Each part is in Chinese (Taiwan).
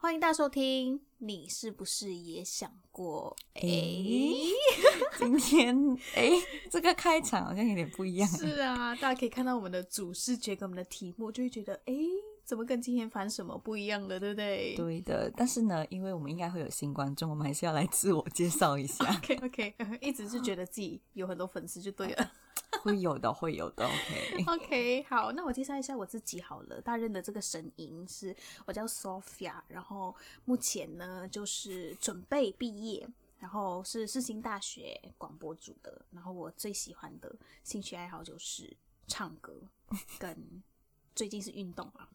歡迎大家收聽，你是不是也想過？哎、欸， 今天哎、欸，這個開場好像有點不一樣。是啊，大家可以看到我們的主視覺跟我們的題目，就會覺得哎、欸，怎麼跟今天反什麼不一樣了，對不對？對的，但是呢，因為我們應該會有新觀眾，我們還是要來自我介紹一下。 OK OK， 一直是覺得自己有很多粉絲就對了。啊 會有的，會有的，OK。OK，好，那我介紹一下我自己好了。大任的這個聲音是我叫 Sophia，然後目前呢就是準備畢業，然後是世新大學廣播組的。然後我最喜歡的興趣愛好就是唱歌跟。最近是運動啊，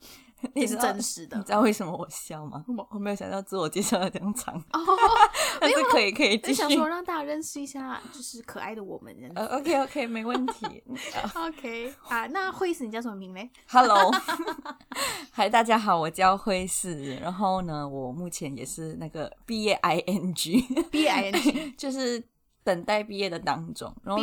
這是真實的你。你知道為什麼我笑嗎？我沒有想到自我介紹這樣長哦，oh, 但是可以可以，我想說讓大家認識一下，就是可愛的我們人。 uh, OK OK，沒問題。 OK 啊、uh,，那惠絲你叫什麼名呢？Hello 嗨 大家好，我叫惠絲。然後呢，我目前也是那個 B A I N G B I N G， 就是。等待畢業的當中，然後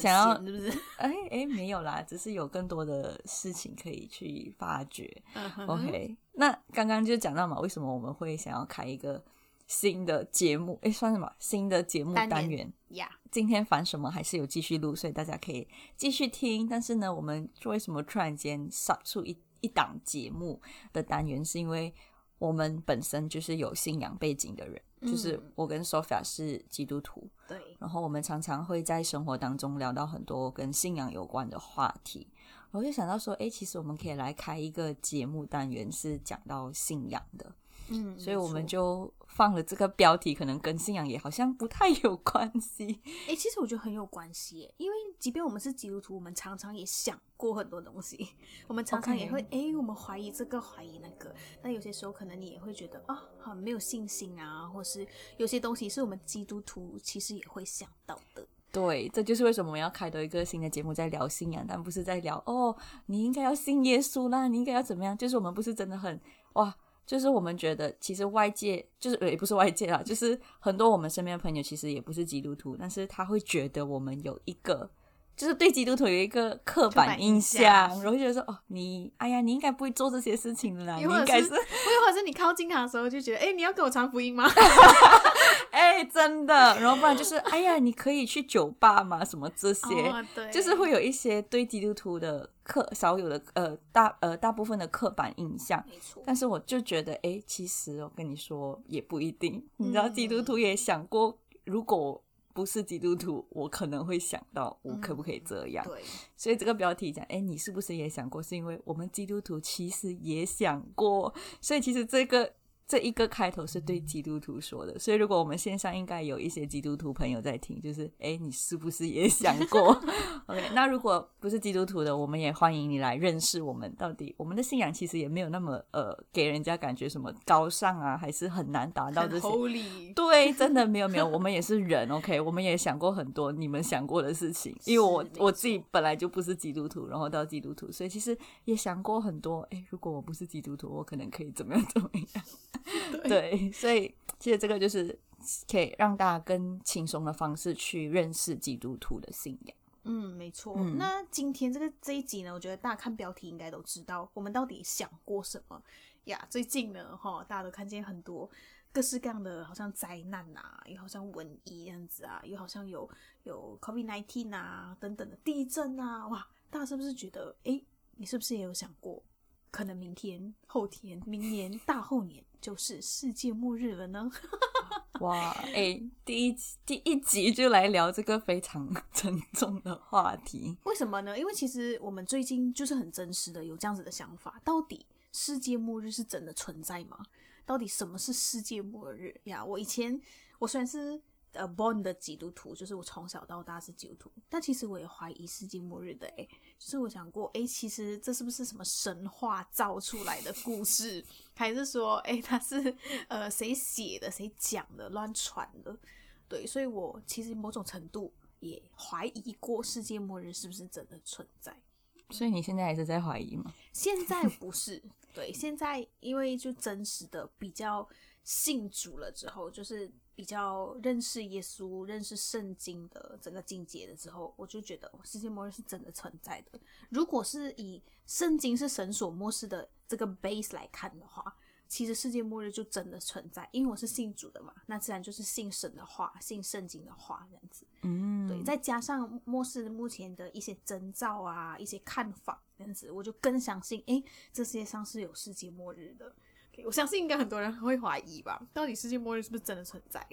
想要是不是？哎哎，沒有啦，只是有更多的事情可以去發掘。 OK，那剛剛就講到嘛，為什麼我們會想要開一個新的節目？哎，算什麼新的節目單元？呀，今天煩什麼還是有繼續錄，所以大家可以繼續聽。但是呢，我們為什麼突然間殺出一一檔節目的單元？是因為我們本身就是有信仰背景的人，就是我跟 Sophia 是基督徒。嗯然後我們常常會在生活當中聊到很多跟信仰有關的話題，然後就想到說，欸，其實我們可以來開一個節目單元是講到信仰的，嗯，所以我們就。放了這個標題，可能跟信仰也好像不太有關係。誒、欸，其實我覺得很有關係，因為即便我們是基督徒，我們常常也想過很多東西，我們常常也會誒、okay. 欸，我們懷疑這個，懷疑那個。那有些時候，可能你也會覺得啊，很，、哦，、沒有信心啊，或是有些東西是我們基督徒其實也會想到的。對，這就是為什麼我們要開多一個新的節目在聊信仰，但不是在聊哦，你應該要信耶穌啦，你應該要怎麼樣？就是我們不是真的很哇。就是我們覺得，其實外界就是也不是外界啦，就是很多我們身邊的朋友，其實也不是基督徒，但是他會覺得我們有一個，就是對基督徒有一個刻板印象，印象，然後就覺得說，哦，你，哎呀，你應該不會做這些事情了啦，你，你應該是，我有，或者是你靠近他的時候就覺得，哎、 欸，你要給我傳福音嗎？ 哎，真的，然後不然就是， 哎呀，你可以去酒吧嗎？什麼這些，oh, 就是會有一些對基督徒的刻少有的呃大呃大部分的刻板印象。沒錯，但是我就覺得，哎，其實我跟你說也不一定，你知道，基督徒也想過，如果不是基督徒，我可能會想到我可不可以這樣。嗯、對，所以這個標題講，哎，你是不是也想過？是因為我們基督徒其實也想過，所以其實這個。這一個開頭是對基督徒說的，所以如果我們線上應該有一些基督徒朋友在聽，就是哎，你是不是也想過？OK，那如果不是基督徒的，我們也歡迎你來認識我們。到底我們的信仰其實也沒有那麼呃，給人家感覺什麼高尚啊，還是很難達到這些。很 Holy。對，真的沒有沒有，我們也是人，OK，我們也想過很多你們想過的事情，因為我我自己本來就不是基督徒，然後到基督徒，所以其實也想過很多。哎，如果我不是基督徒，我可能可以怎麼樣怎麼樣。 對，對，所以其實這個就是可以讓大家更輕鬆的方式去認識基督徒的信仰。嗯，沒錯、嗯。那今天這個這一集呢，我覺得大家看標題應該都知道，我們到底想過什麼呀？最近呢，哈，大家都看見很多各式各樣的，好像災難吶、啊，又好像瘟疫這樣子啊，又好像有有 COVID-19 啊等等的地震啊，哇，大家是不是覺得，哎、欸，你是不是也有想過，可能明天、後天、明年、大後年？ 就是世界末日了呢！ 哇，哎、欸，第一第一集就來聊這個非常沉重的話題，為什麼呢？因為其實我們最近就是很真實的有這樣子的想法，到底世界末日是真的存在嗎？到底什麼是世界末日呀？我以前我雖然是。呃、uh,，born 的基督徒，就是我從小到大是基督徒，但其實我也懷疑世界末日的誒、欸，就是我想過誒、欸，其實這是不是什麼神話造出來的故事， 還是說誒，它是呃誰寫的誰講的亂傳的，對，所以我其實某種程度也懷疑過世界末日是不是真的存在。所以你現在還是在懷疑嗎？ 現在不是，對，現在因為就真實的比較信主了之後，就是。比較認識耶穌、認識聖經的整個境界了之後，我就覺得世界末日是真的存在的。如果是以聖經是神所默示的這個 base 來看的話，其實世界末日就真的存在。因為我是信主的嘛，那自然就是信神的話、信聖經的話這樣子。嗯，對，再加上末世目前的一些徵兆啊、一些看法這樣子，我就更相信，哎、欸，這世界上是有世界末日的。我相信應該很多人很會懷疑吧？到底世界末日是不是真的存在？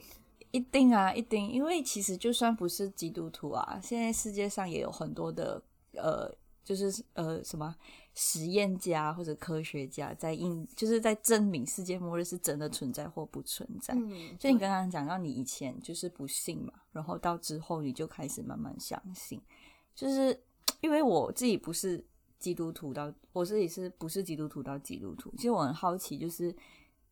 一定啊，一定！因為其實就算不是基督徒啊，現在世界上也有很多的呃，就是呃什麼實驗家或者科學家在印，就是在證明世界末日是真的存在或不存在。嗯。所以你剛剛講到你以前就是不信嘛，然後到之後你就開始慢慢相信，就是因為我自己不是。基督徒到，我這裡是不是基督徒到基督徒？其實我很好奇，就是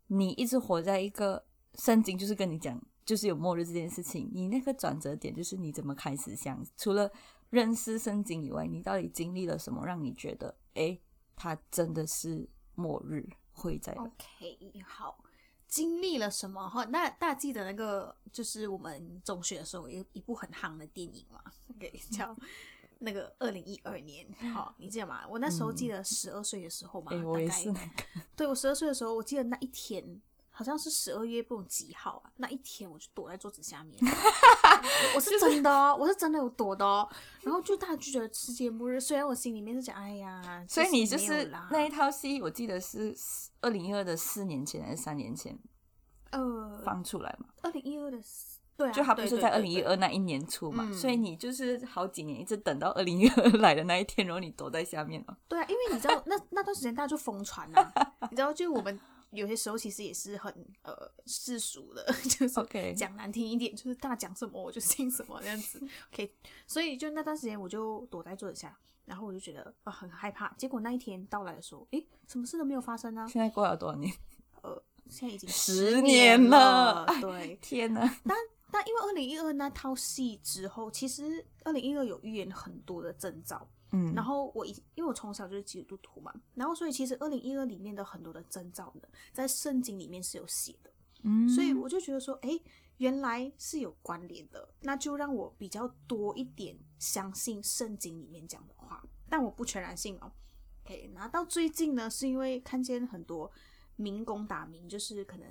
你一直活在一個聖經，就是跟你講，就是有末日這件事情。你那個轉折點，就是你怎麼開始想，除了認識聖經以外，你到底經歷了什麼，讓你覺得，哎，它真的是末日會在？OK，好，經歷了什麼？哈，那大家記得那個，就是我們中學的時候有一部很夯的電影嘛，OK，叫。 那個二零一二年，好、嗯哦，你記得嗎？我那時候記得十二歲的時候嘛、嗯欸，大概。我也是那個、對，我十二歲的時候，我記得那一天好像是十二月不懂幾號啊，那一天我就躲在桌子下面、 就是，我是真的、喔，我是真的有躲的哦、喔。然後就大家就覺得世界末日，雖然我心裡面是講哎呀，所以你就是那一套戲，我記得是二零一二的四年前還是三年前，呃，放出來嘛，二零一二的。對、啊，就他不是在二零一二那一年初嘛，對對對對，所以你就是好幾年一直等到二零一二來的那一天，然後你躲在下面哦。對啊，因為你知道 那那段時間大家就瘋傳了，啊、 你知道就我們有些時候其實也是很呃世俗的，就是講難聽一點，okay. 就是大家講什麼我就信什麼這樣子。OK，所以就那段時間我就躲在桌子下，然後我就覺得啊很害怕。結果那一天到來的時候，誒，什麼事都沒有發生啊。現在過了多少年？呃，現在已經十年了。年了對，哎、天吶，但但因為二零一二那套戲之後，其實二零一二有預言很多的徵兆，嗯，然後我以因為我從小就是基督徒嘛，然後所以其實二零一二裡面的很多的徵兆呢，在聖經裡面是有寫的，嗯，所以我就覺得說，哎、欸，原來是有關聯的，那就讓我比較多一點相信聖經裡面講的話，但我不全然信哦、喔。OK，那到最近呢，是因為看見很多民攻打民，就是可能。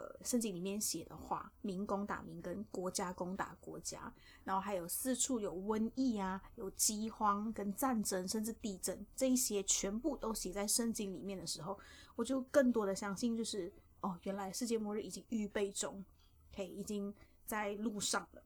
呃，聖經裡面寫的話，民攻打民，跟國家攻打國家，然後還有四處有瘟疫啊，有饑荒跟戰爭，甚至地震，這一些全部都寫在聖經裡面的時候，我就更多的相信，就是哦，原來世界末日已經預備中，嘿，okay，已經在路上了。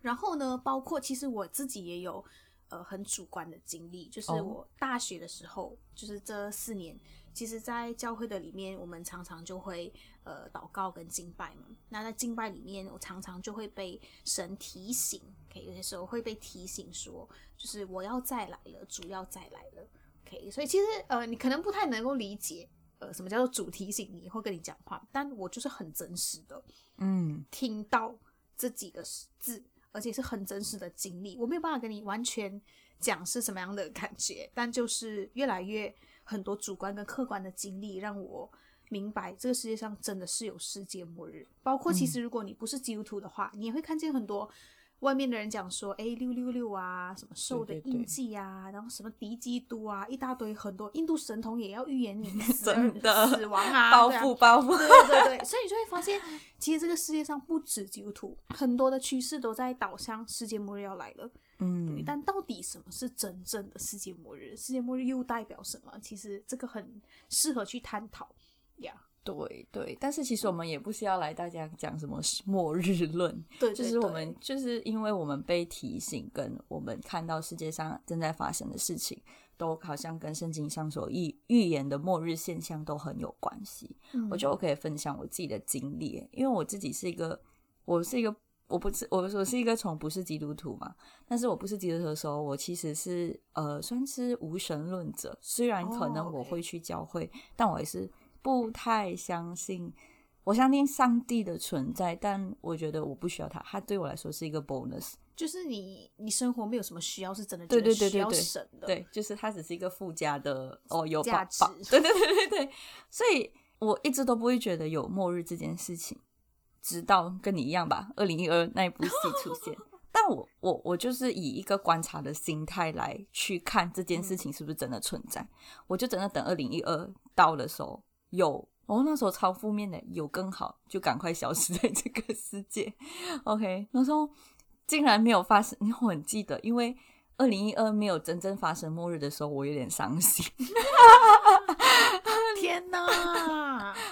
然後呢，包括其實我自己也有呃很主觀的經歷，就是我大學的時候，oh. 就是這四年，其實，在教會的裡面，我們常常就會。呃，禱告跟敬拜嘛，那在敬拜裡面，我常常就會被神提醒，Okay，有些時候會被提醒說，就是我要再來了，主要再來了，Okay，所以其實呃，你可能不太能夠理解呃，什麼叫做主提醒你或跟你講話，但我就是很真實的，嗯，聽到這幾個字，而且是很真實的經歷，我沒有辦法跟你完全講是什麼樣的感覺，但就是越來越很多主觀跟客觀的經歷讓我。明白，這個世界上真的是有世界末日。包括其實，如果你不是基督徒的話，嗯，你也會看見很多外面的人講說：“哎，六六六啊，什麼獸的印記啊，對對對，然後什麼敵基督啊，一大堆很多印度神童也要預言你死真的死亡啊，啊，包袱包袱，對對對。”所以你就會發現，其實這個世界上不止基督徒，很多的趨勢都在導向世界末日要來了。嗯，但到底什麼是真正的世界末日？世界末日又代表什麼？其實這個很適合去探討。呀、yeah，對對，但是其實我們也不是要來大家講什麼末日論，嗯、對對對，就是我們就是因為我們被提醒，跟我們看到世界上正在發生的事情，都好像跟聖經上所預預言的末日現象都很有關係。嗯、我覺得我可以分享我自己的經歷，因為我自己是一個，我是一個，我不是我我是一個從不是基督徒嘛，但是我不是基督徒的時候，我其實是呃算是無神論者，雖然可能我會去教會，oh, okay. 但我也是。不太相信，我相信上帝的存在，但我覺得我不需要他，他對我來說是一個 bonus。就是你，你生活沒有什麼需要，是真的，需要神的對對對對對，對，就是他只是一個附加的哦，有價值，對對對對對。 所以我一直都不會覺得有末日這件事情，直到跟你一樣吧，二零一二那一部戲出現。 但我我我就是以一個觀察的心態來去看這件事情是不是真的存在，嗯、我就真的等二零一二到的時候。有，我、哦、那時候超負面的，有更好就趕快消失在這個世界。OK，那時候竟然沒有發生，你會很記得，因為二零一二沒有真正發生末日的時候，我有點傷心。 天吶，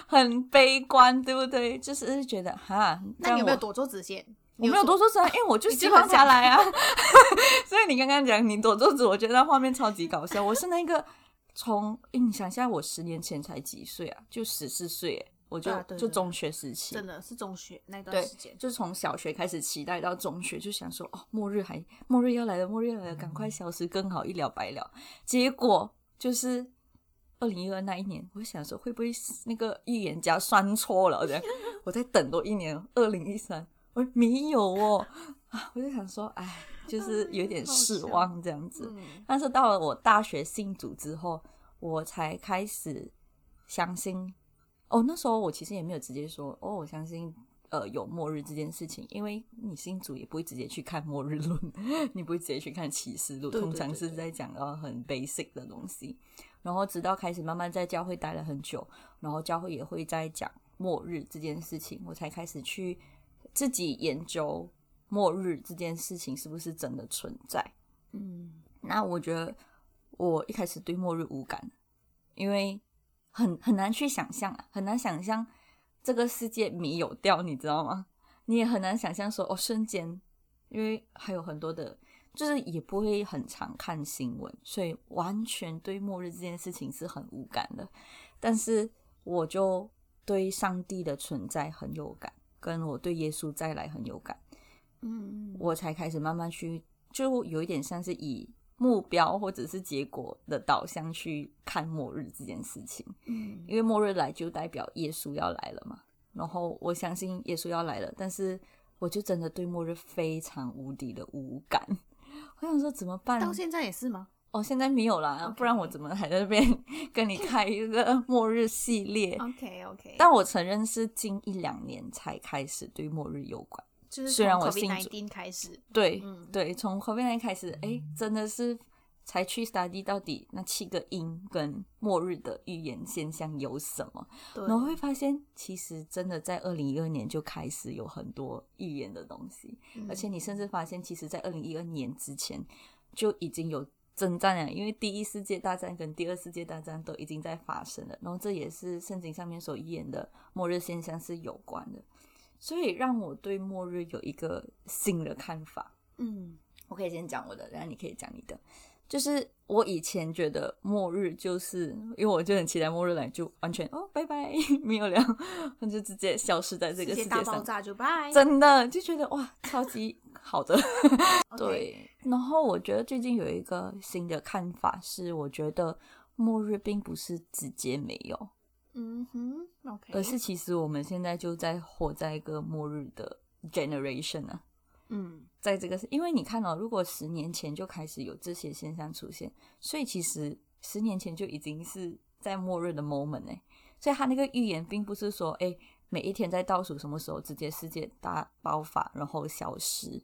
很悲觀，對不對？就是覺得哈，那你有沒有躲桌子先？我沒有躲桌子、啊，因為、欸、我就是靜下來啊。 所以你剛剛講你躲桌子，我覺得那畫面超級搞笑。我是那個。從、欸、你想一下，我十年前才幾歲啊？就十四歲，我就、啊、對對對，就中學時期，真的是中學那段時間，就從小學開始期待到中學，就想說哦，末日還末日要來了，末日要來了，趕快消失更好，一了百了。嗯、結果就是二零一二那一年，我想說會不會那個預言家算錯了？我再等多一年，二零一三，我說沒有哦， 啊、我就想說，哎。就是有點失望這樣子，嗯嗯、但是到了我大學信主之後，我才開始相信。哦，那時候我其實也沒有直接說哦，我相信呃有末日這件事情，因為你信主也不會直接去看末日論，你不會直接去看啟示錄，通常是在講到很 basic 的東西。然後直到開始慢慢在教會待了很久，然後教會也會在講末日這件事情，我才開始去自己研究。末日這件事情是不是真的存在？嗯，那我覺得我一開始對末日無感，因為很很難去想像啊，很難想象這個世界沒有掉，你知道嗎？你也很難想象說，哦，瞬間，因為還有很多的，就是也不會很常看新聞，所以完全對末日這件事情是很無感的。但是我就對上帝的存在很有感，跟我對耶穌再來很有感。嗯,嗯，我才開始慢慢去，就有一點像是以目標或者是結果的導向去看末日這件事情。嗯，因為末日來就代表耶穌要來了嘛，然後我相信耶穌要來了，但是我就真的對末日非常無敵的無感。我想說怎麼辦？到現在也是嗎？哦，現在沒有啦，okay. 不然我怎麼還在這邊跟你開一個末日系列？OK OK。但我承認是近一兩年才開始對末日有關。雖然我信，開始對對，從後面那開始，哎，真的是才去 study 到底那七個音跟末日的預言現象有什麼？對，然後會發現，其實真的在二零一二年就開始有很多預言的東西，嗯、而且你甚至發現，其實，在二零一二年之前就已經有征戰了，因為第一世界大戰跟第二世界大戰都已經在發生了，然後這也是聖經上面所預言的末日現象是有關的。所以讓我對末日有一個新的看法。嗯，我可以先講我的，然後你可以講你的。就是我以前覺得末日就是，因為我就很期待末日來，就完全哦，拜拜，沒有了，就直接消失在這個世界上，世界大爆炸就拜，真的就覺得哇，超級好的。 對，okay. 然後我覺得最近有一個新的看法是，我覺得末日並不是直接沒有。嗯哼，OK，而是其實我們現在就在活在一個末日的 generation 啊，嗯，在這個是因為你看哦，如果十年前就開始有這些現象出現，所以其實十年前就已經是在末日的 moment，欸，所以他那個預言並不是說，哎，每一天在倒數什麼時候直接世界大爆發然後消失。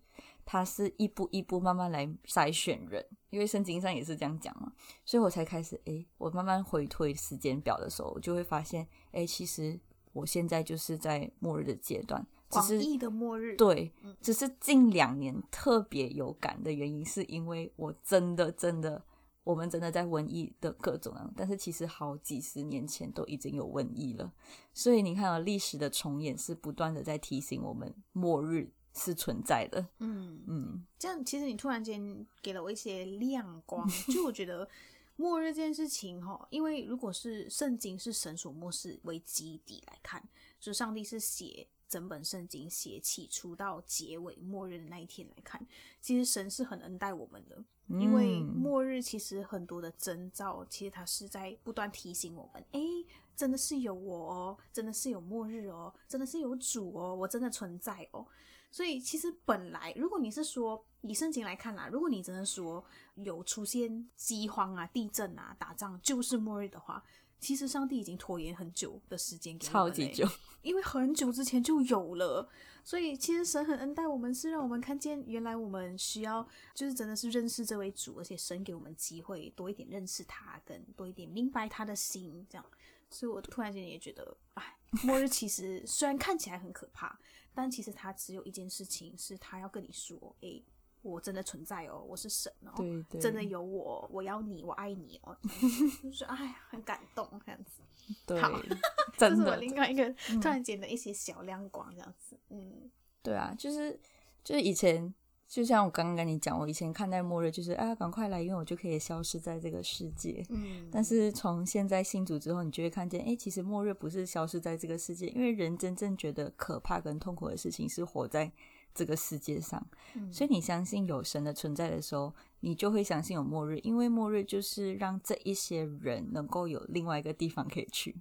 他是一步一步慢慢來篩選人，因為聖經上也是這樣講嘛，所以我才開始哎、欸，我慢慢回推時間表的時候，我就會發現哎、欸，其實我現在就是在末日的階段，只是，廣義的末日。對，只是近兩年特別有感的原因，是因為我真的真的，我們真的在瘟疫的各種，但是其實好幾十年前都已經有瘟疫了，所以你看啊，歷史的重演是不斷的在提醒我們末日。是存在的，嗯嗯，這樣其實你突然間給了我一些亮光， 就我覺得末日這件事情吼，因為如果是聖經是神所默示為基底來看，就上帝是寫整本聖經寫起初到結尾末日的那一天來看，其實神是很恩待我們的，嗯、因為末日其實很多的徵兆，其實它是在不斷提醒我們，哎、欸，真的是有我哦、喔，真的是有末日哦、喔，真的是有主哦、喔，我真的存在哦、喔。所以其實本來，如果你是說以聖經來看啦，如果你真的說有出現饑荒啊、地震啊、打仗就是末日的話，其實上帝已經拖延很久的時間給我們、欸、超級久，因為很久之前就有了。所以其實神很恩待我們，是讓我們看見原來我們需要就是真的是認識這位主，而且神給我們機會多一點認識他，跟多一點明白他的心這樣。所以我突然間也覺得，哎，末日其實雖然看起來很可怕。 但其實他只有一件事情是他要跟你說、欸：“我真的存在哦，我是神哦對對，真的有我，我要你，我愛你哦。 ”就是哎呀，很感動這樣子。對， 這是我另外一個突然間的一些小亮光、嗯、這樣子。嗯，對啊，就是就是以前。就像我剛剛跟你講，我以前看待末日就是啊，趕快來，因為我就可以消失在這個世界。嗯，但是從現在信主之後，你就會看見，哎、欸，其實末日不是消失在這個世界，因為人真正覺得可怕跟痛苦的事情是活在這個世界上。嗯，所以你相信有神的存在的時候，你就會相信有末日，因為末日就是讓這一些人能夠有另外一個地方可以去。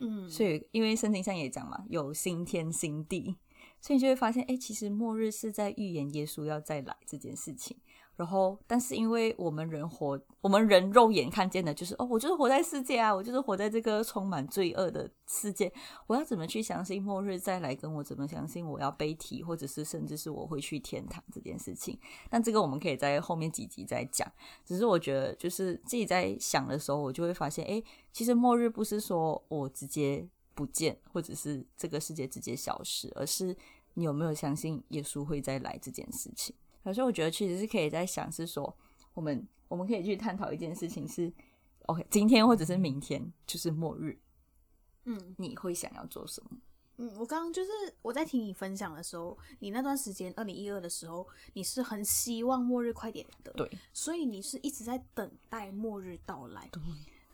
嗯，所以因為聖經上也講嘛，有新天新地。所以你就會發現，誒、欸，其實末日是在預言耶穌要再來這件事情。然後，但是因為我們人活，我們人肉眼看見的就是，哦，我就是活在世界啊，我就是活在這個充滿罪惡的世界。我要怎麼去相信末日再來，跟我怎麼相信我要被提，或者是甚至是我會去天堂這件事情？但這個我們可以在後面幾集再講。只是我覺得，就是自己在想的時候，我就會發現，誒、欸，其實末日不是說我直接不見，或者是這個世界直接消失，而是。你有沒有相信耶穌會再來這件事情？所以我覺得其實是可以在想，是說我們我們可以去探討一件事情是，是 OK，今天或者是明天就是末日，嗯，你會想要做什麼？嗯，我剛剛就是我在聽你分享的時候，你那段時間二零一二的時候，你是很希望末日快點的，對，所以你是一直在等待末日到來，對。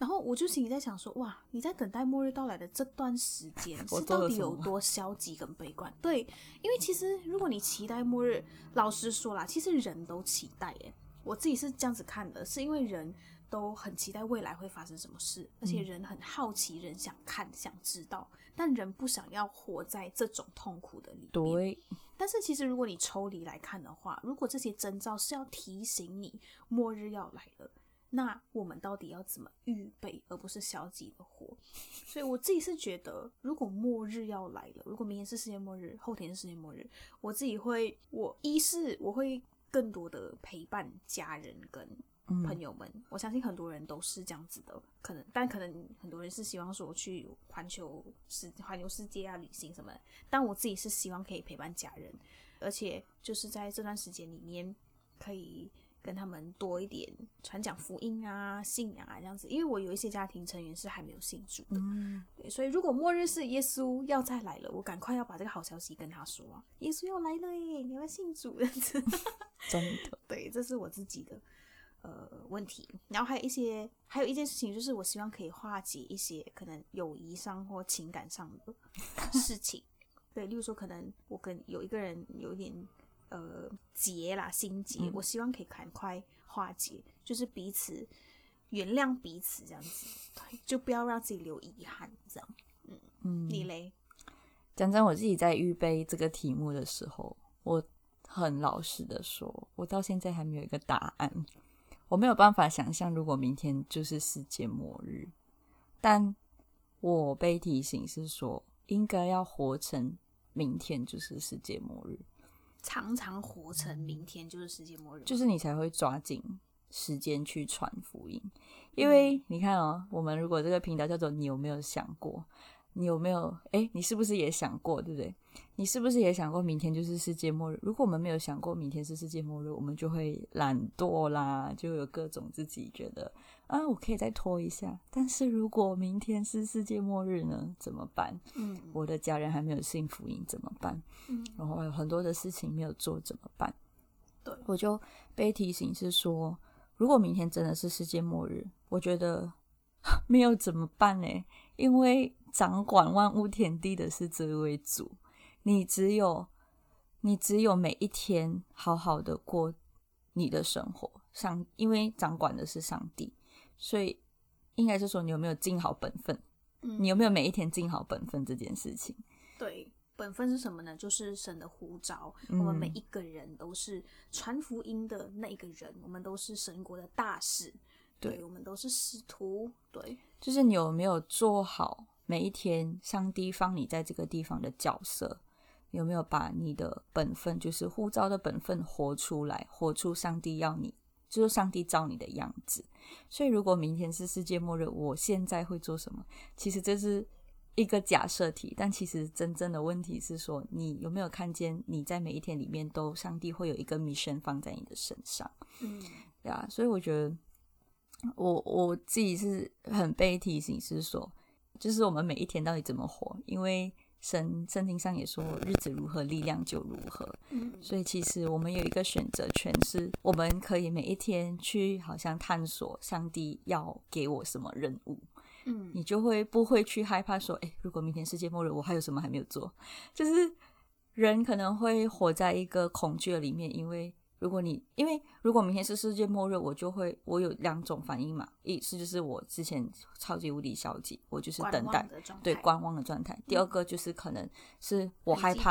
然後我就心裡在想說，哇，你在等待末日到來的這段時間是到底有多消極跟悲觀？對，因為其實如果你期待末日，老實說啦，其實人都期待。誒，我自己是這樣子看的，是因為人都很期待未來會發生什麼事，而且人很好奇，人想看、想知道，但人不想要活在這種痛苦的裡面。對，但是其實如果你抽離來看的話，如果這些徵兆是要提醒你末日要來了。那我們到底要怎麼預備，而不是消極的活？所以我自己是覺得，如果末日要來了，如果明天是世界末日，後天是世界末日，我自己會，我一是我會更多的陪伴家人跟朋友們。嗯、我相信很多人都是這樣子的可能，但可能很多人是希望說去環球世環遊世界啊、旅行什麼的。但我自己是希望可以陪伴家人，而且就是在這段時間裡面可以。跟他們多一點傳講福音啊，信仰啊這樣子，因為我有一些家庭成員是還沒有信主的，嗯，對，所以如果末日是耶穌要再來了，我趕快要把這個好消息跟他說啊，耶穌要來了耶，你要信主，這樣子真的，真的，對，這是我自己的呃問題。然後還有一些，還有一件事情就是，我希望可以化解一些可能友誼上或情感上的事情， 對，例如說可能我跟有一個人有一點。呃，結啦，心結、嗯，我希望可以趕快，快化解，就是彼此原諒彼此這樣子，對，就不要讓自己留遺憾這樣。嗯嗯，你嘞？講真，我自己在預備這個題目的時候，我很老實的說，我到現在還沒有一個答案，我沒有辦法想象如果明天就是世界末日，但我被提醒是說，應該要活成明天就是世界末日。常常活成明天就是世界末日，就是你才會抓緊時間去傳福音，因為你看哦、喔，我們如果這個頻道叫做“你有沒有想過”。你有沒有？哎、欸，你是不是也想過，對不對？你是不是也想過，明天就是世界末日？如果我們沒有想過明天是世界末日，我們就會懶惰啦，就有各種自己覺得啊，我可以再拖一下。但是如果明天是世界末日呢？怎麼辦？嗯、我的家人還沒有信福音怎麼辦？嗯、然後有很多的事情沒有做怎麼辦？對，我就被提醒是說，如果明天真的是世界末日，我覺得沒有怎麼辦呢、欸？因為掌管萬物天地的是這位主，你只有你只有每一天好好的過你的生活，上因為掌管的是上帝，所以應該是說，你有沒有盡好本分、嗯？你有沒有每一天盡好本分這件事情？對，本分是什麼呢？就是神的呼召，我們每一個人都是傳福音的那個人，我們都是神國的大使，對，對我們都是使徒。對，就是你有沒有做好？每一天，上帝放你在這個地方的角色，有沒有把你的本分，就是呼召的本分活出來？活出上帝要你，就是上帝照你的樣子。所以，如果明天是世界末日，我現在會做什麼？其實這是一個假設題，但其實真正的問題是說，你有沒有看見你在每一天裡面，都上帝會有一個 mission 放在你的身上？嗯，對啊。所以我覺得我，我我自己是很被提醒，是說。就是我們每一天到底怎麼活？因為神聖經上也說，日子如何，力量就如何。嗯，所以其實我們有一個選擇權，是我們可以每一天去好像探索上帝要給我什麼任務。嗯，你就會不會去害怕說，誒、欸，如果明天世界末日，我還有什麼還沒有做？就是人可能會活在一個恐懼的裡面，因為。如果你因為如果明天是世界末日，我就會我有兩種反應嘛，一是就是我之前超級無敵消極，我就是等待，對觀望的狀態，的狀態、嗯；第二個就是可能是我害怕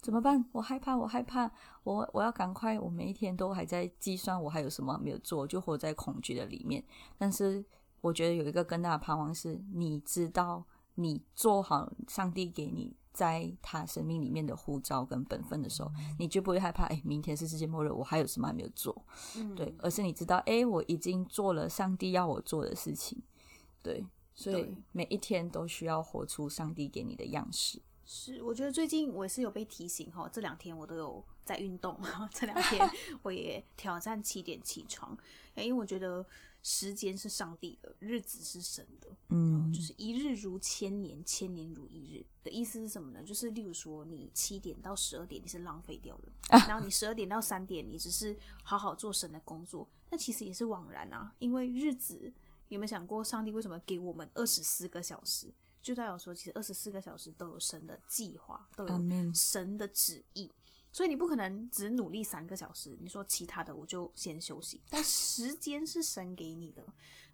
怎麼辦，我害怕我害怕我我要趕快，我每一天都還在計算我還有什麼沒有做，就活在恐懼的裡面。但是我覺得有一個更大的盼望是，你知道。你做好上帝給你在他生命裡面的呼召跟本分的時候，你就不會害怕。哎，明天是世界末日，我還有什麼還沒有做？嗯，對，而是你知道，哎，我已經做了上帝要我做的事情，對，所以每一天都需要活出上帝給你的樣式。是，我覺得最近我也是有被提醒哈，這兩天我都有在運動，這兩天我也挑戰七點起床，哎， 因為我覺得。時間是上帝的，日子是神的，嗯，就是一日如千年，千年如一日的意思是什麼呢？就是例如說，你七點到十二點你是浪費掉了，啊，然後你十二點到三點，你只是好好做神的工作，那其實也是枉然啊。因為日子有沒有想過，上帝為什麼給我們二十四個小時？就代表說，其實二十四個小時都有神的計劃，都有神的旨意。嗯所以你不可能只努力三個小時，你說其他的我就先休息。但時間是神給你的，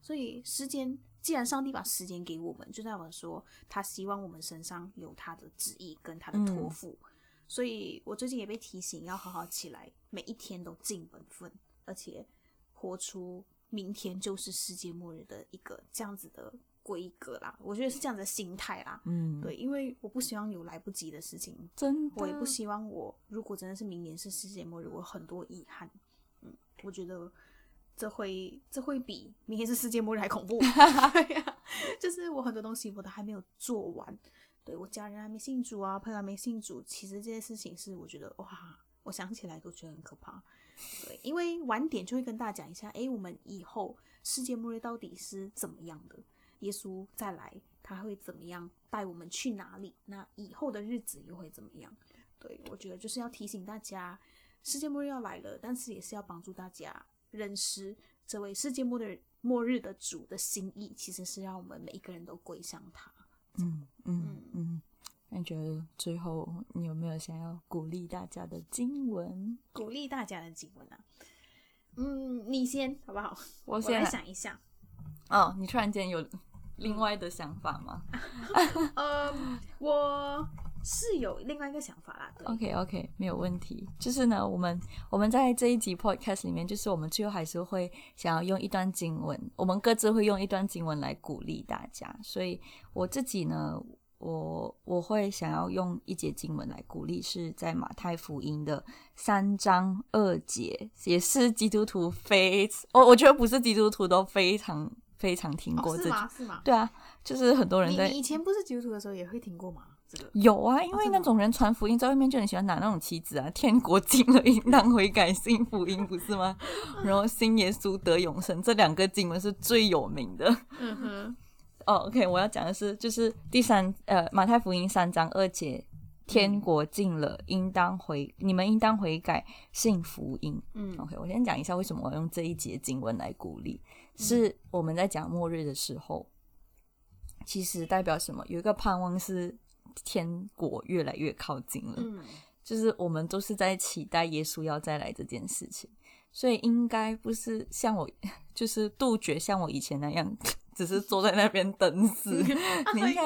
所以時間既然上帝把時間給我們，就代表說他希望我們身上有他的旨意跟他的託付、嗯。所以我最近也被提醒要好好起來，每一天都盡本分，而且活出明天就是世界末日的一個這樣子的。規格啦，我覺得是這樣的心態啦，嗯，對，因為我不希望有來不及的事情，真的，我也不希望我如果真的是明年是世界末日，我有很多遺憾，嗯，我覺得這會這會比明年是世界末日還恐怖， 就是我很多東西我都還沒有做完，對，我家人還沒信主啊，朋友還沒信主，其實這些事情是我覺得哇，我想起來都覺得很可怕，對，因為晚點就會跟大家講一下，哎、欸，我們以後世界末日到底是怎麼樣的。耶穌再來，他會怎麼樣？帶我們去哪裡？那以後的日子又會怎麼樣？對，我覺得就是要提醒大家，世界末日要來了，但是也是要幫助大家認識這位世界末日、末日的主的心意，其實是讓我們每一個人都歸向他。嗯嗯嗯，感覺、嗯、嗯嗯嗯、最後你有沒有想要鼓勵大家的經文？鼓勵大家的經文啊？嗯，你先好不好？我先想一想。哦，你突然間有。另外的想法嗎？呃 ，um, 我是有另外一個想法啦，對。OK OK，沒有問題。就是呢，我們我們在這一集 Podcast 裡面，就是我們最後還是會想要用一段經文，我們各自會用一段經文來鼓勵大家。所以我自己呢，我我會想要用一節經文來鼓勵，是在馬太福音的三章二節，也是基督徒非我我覺得不是基督徒都非常。非常聽過這句，哦，是嗎？是嗎？對啊，就是很多人在以前不是基督徒的時候也會聽過嗎？這個有啊，因為那種人傳福音，哦，在外面就很喜歡拿那種旗子啊，天國近了，應當悔改信福音，不是嗎？然後信耶穌得永生 這兩個經文是最有名的。哦，嗯 oh,，OK，我要講的是就是第三呃馬太福音三章二節，天國近了，嗯，應當回，你們應當悔改信福音。嗯，OK，我先講一下為什麼我要用這一節經文來鼓勵。是我們在講末日的時候，其實代表什麼？有一個盼望是天國越來越靠近了、嗯，就是我們都是在期待耶穌要再來這件事情，所以應該不是像我，就是杜絕像我以前那樣，只是坐在那邊等死。 你應該，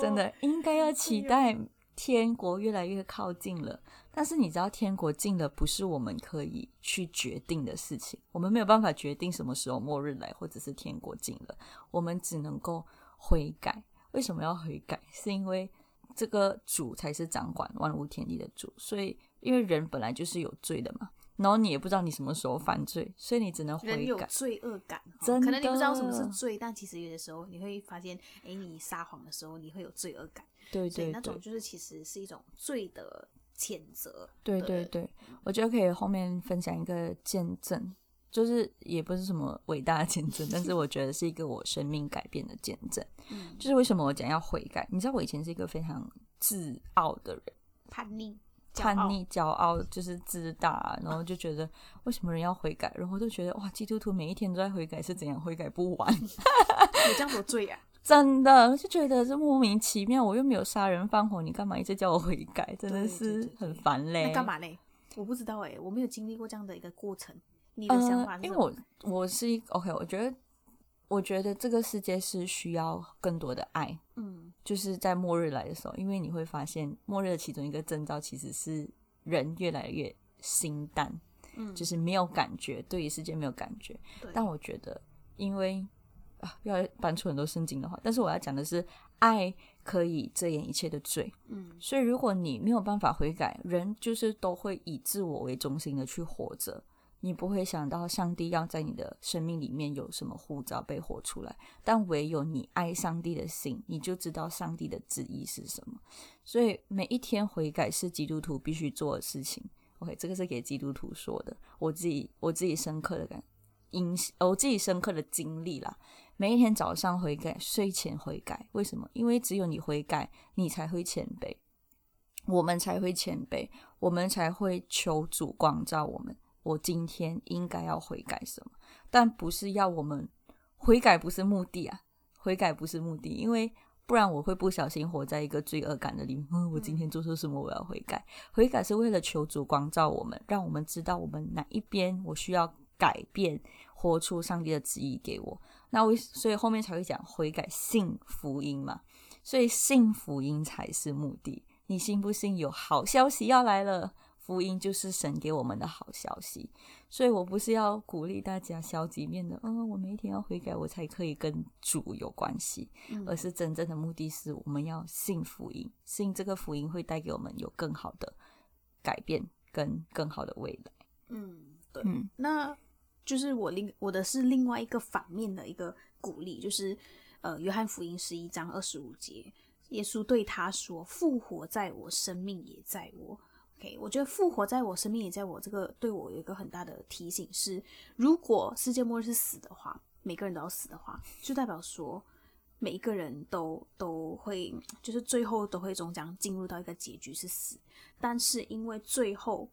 真的應該要期待天國越來越靠近了。但是你知道，天國近了不是我們可以去決定的事情。我們沒有辦法決定什麼時候末日來，或者是天國近了，我們只能夠悔改。為什麼要悔改？是因為這個主才是掌管萬物天地的主。所以，因為人本來就是有罪的嘛，然後你也不知道你什麼時候犯罪，所以你只能悔改。有罪惡感，真的。可能你不知道什麼是罪，但其實有的時候你會發現，哎，你撒謊的時候你會有罪惡感。對對對，那種就是其實是一種罪的。譴責，對對對、對，我覺得可以後面分享一個見證，就是也不是什麼偉大的見證， 但是我覺得是一個我生命改變的見證，嗯。就是為什麼我講要悔改？你知道我以前是一個非常自傲的人，叛逆、叛逆、驕傲，就是自大，然後就覺得為什麼人要悔改？嗯、然後我就覺得哇，基督徒每一天都在悔改，是怎樣悔改不完？你這樣多罪呀。真的，我就覺得這莫名其妙，我又沒有殺人放火，你干嘛一直叫我悔改？真的是很煩嘞。對對對對。那幹嘛嘞？我不知道哎、欸，我沒有經歷過這樣的一個過程。你的想法？因、呃、為、欸、我我是一 OK，我覺得我覺得這個世界是需要更多的愛。嗯，就是在末日來的時候，因為你會發現，末日的其中一個徵兆其實是人越來越心淡，嗯，就是沒有感覺，對於世界沒有感覺。對。但我覺得，因為。啊，不要搬出很多聖經的話，但是我要講的是，愛可以遮掩一切的罪。嗯，所以如果你沒有辦法悔改，人就是都會以自我為中心的去活着，你不會想到上帝要在你的生命裡面有什麼呼召被活出來。但唯有你愛上帝的心，你就知道上帝的旨意是什麼。所以每一天悔改是基督徒必須做的事情。OK，這個是給基督徒說的。我自己我自己深刻的感，印，我自己深刻的經歷啦。每一天早上悔改，睡前悔改，為什麼？因為只有你悔改，你才會謙卑，我們才會謙卑，我們才會求主光照我們。我今天應該要悔改什麼？但不是要我們悔改，不是目的啊！悔改不是目的，因為不然我會不小心活在一個罪惡感的裡面。我今天做錯什麼？我要悔改。悔改是為了求主光照我們，讓我們知道我們哪一邊，我需要改變，活出上帝的旨意給我。那我所以後面才會講悔改信福音嘛，所以信福音才是目的。你信不信有好消息要來了？福音就是神給我們的好消息。所以我不是要鼓勵大家消極面的，嗯、哦，我每天要悔改，我才可以跟主有關係。而是真正的目的是我們要信福音，信這個福音會帶給我們有更好的改變跟更好的未來。嗯，對。嗯、那。就是我另我的是另外一個反面的一個鼓勵，就是呃，約翰福音十一章二十五節，耶穌對他說：“復活在我，生命也在我。” OK，我覺得復活在我，生命也在我這個對我有一個很大的提醒是，如果世界末日是死的話，每個人都要死的話，就代表說每一個人都都會就是最後都會終將進入到一個結局是死，但是因為最後。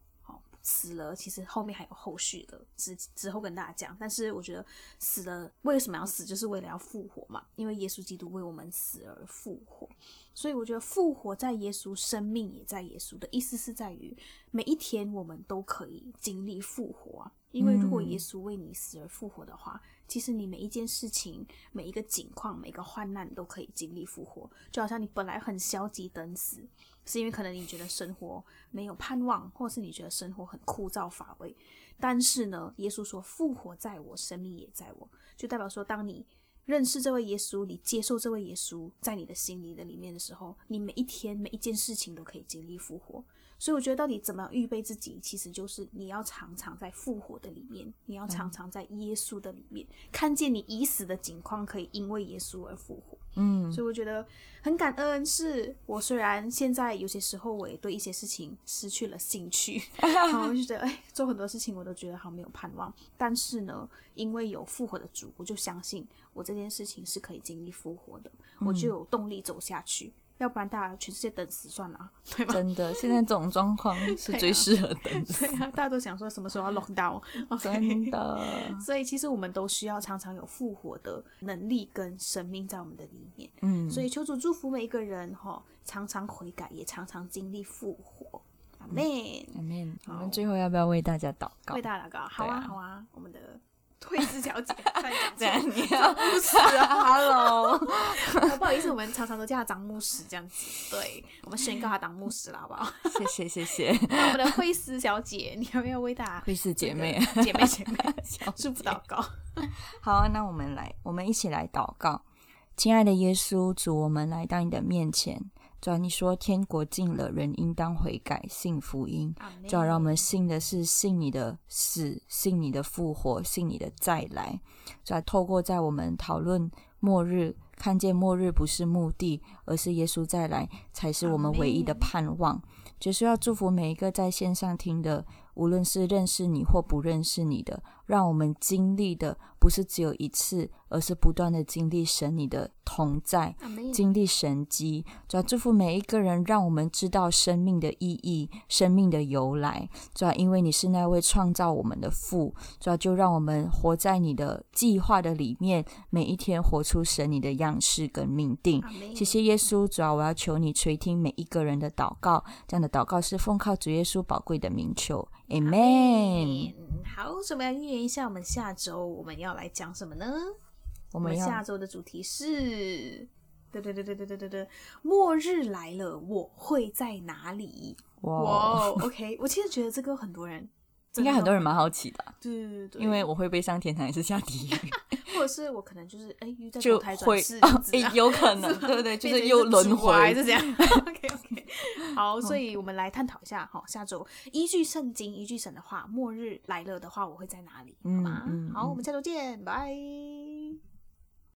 死了，其實後面還有後續的，之之後跟大家講。但是我覺得死了為什麼要死，就是為了要復活嘛。因為耶穌基督為我們死而復活，所以我覺得復活在耶穌，生命也在耶穌的意思是在於每一天我們都可以經歷復活啊。因為如果耶穌為你死而復活的話，嗯其實你每一件事情、每一個境況、每一個患難，都可以經歷復活。就好像你本來很消極、等死，是因為可能你覺得生活沒有盼望，或是你覺得生活很枯燥乏味。但是呢，耶穌說：“復活在我，生命也在我。”就代表說，當你認識這位耶穌，你接受這位耶穌在你的心裡的裡面的時候，你每一天、每一件事情都可以經歷復活。所以我覺得，到底怎麼樣預備自己，其實就是你要常常在復活的裡面，你要常常在耶穌的裡面，嗯、看見你已死的景況可以因為耶穌而復活。嗯，所以我覺得很感恩是，是我雖然現在有些時候我也對一些事情失去了興趣，嗯、然後我就覺得哎，做很多事情我都覺得好沒有盼望。但是呢，因為有復活的主，我就相信我這件事情是可以經歷復活的，我就有動力走下去。嗯要不然大家全世界等死算了，對吧？真的，現在這種狀況是最適合等死 對、啊。對啊，大家都想說什麼時候要 lock down。真的，所以其實我們都需要常常有復活的能力跟生命在我們的裡面。嗯，所以求主祝福每一個人哦，常常悔改，也常常經歷復活。阿們，阿們。我們最後要不要為大家禱告？為大家禱告，好啊，好啊，啊我們的。惠絲小姐，歡迎歡迎你，牧師啊，Hello，不好意思，我們常常都叫他張牧師這樣子。對，我們宣告他當牧師了，好不好？謝謝謝謝。 我們的惠絲小姐，你有沒有為大家、這個？惠絲姐妹， 姐妹姐妹，祝福禱告。好，那我們來，我們一起來禱告。親愛的耶穌，主，我們來到你的面前。只要你說天國近了，人應當悔改，信福音。主要讓我們信的是信你的死，信你的復活，信你的再來。主要透過在我們討論末日，看見末日不是目的，而是耶穌再來才是我們唯一的盼望。Amen. 就是要祝福每一個在線上聽的，無論是認識你或不認識你的，讓我們經歷的不是只有一次，而是不斷的經歷神你的同在。經歷神蹟，主要祝福每一個人，讓我們知道生命的意義、生命的由來。主要因為你是那位創造我們的父，主要就讓我們活在你的計劃的裡面，每一天活出神你的樣式跟命定。謝謝耶穌，主要我要求你垂聽每一個人的禱告，這樣的禱告是奉靠主耶穌寶貴的名求。Amen。好，怎麼樣預言一下？我們下周我們要來講什麼呢？我們，要我們下周的主題是。對對對對對對對對，末日來了，我會在哪裡？哇、wow. wow.，OK，我其實覺得這個很多人應該很多人蠻好奇的。對對對，對因為我會被上天堂也是下地獄？ 或者是我可能就是哎又在投胎轉世？哎、啊欸，有可能，對對對，就是又輪回 是是這樣。 OK OK，好，所以我們來探討一下好，下周、okay. 一句聖經一句神的話，末日來了的話我會在哪裡？好嗎、嗯嗯？好、嗯，我們下周見，拜。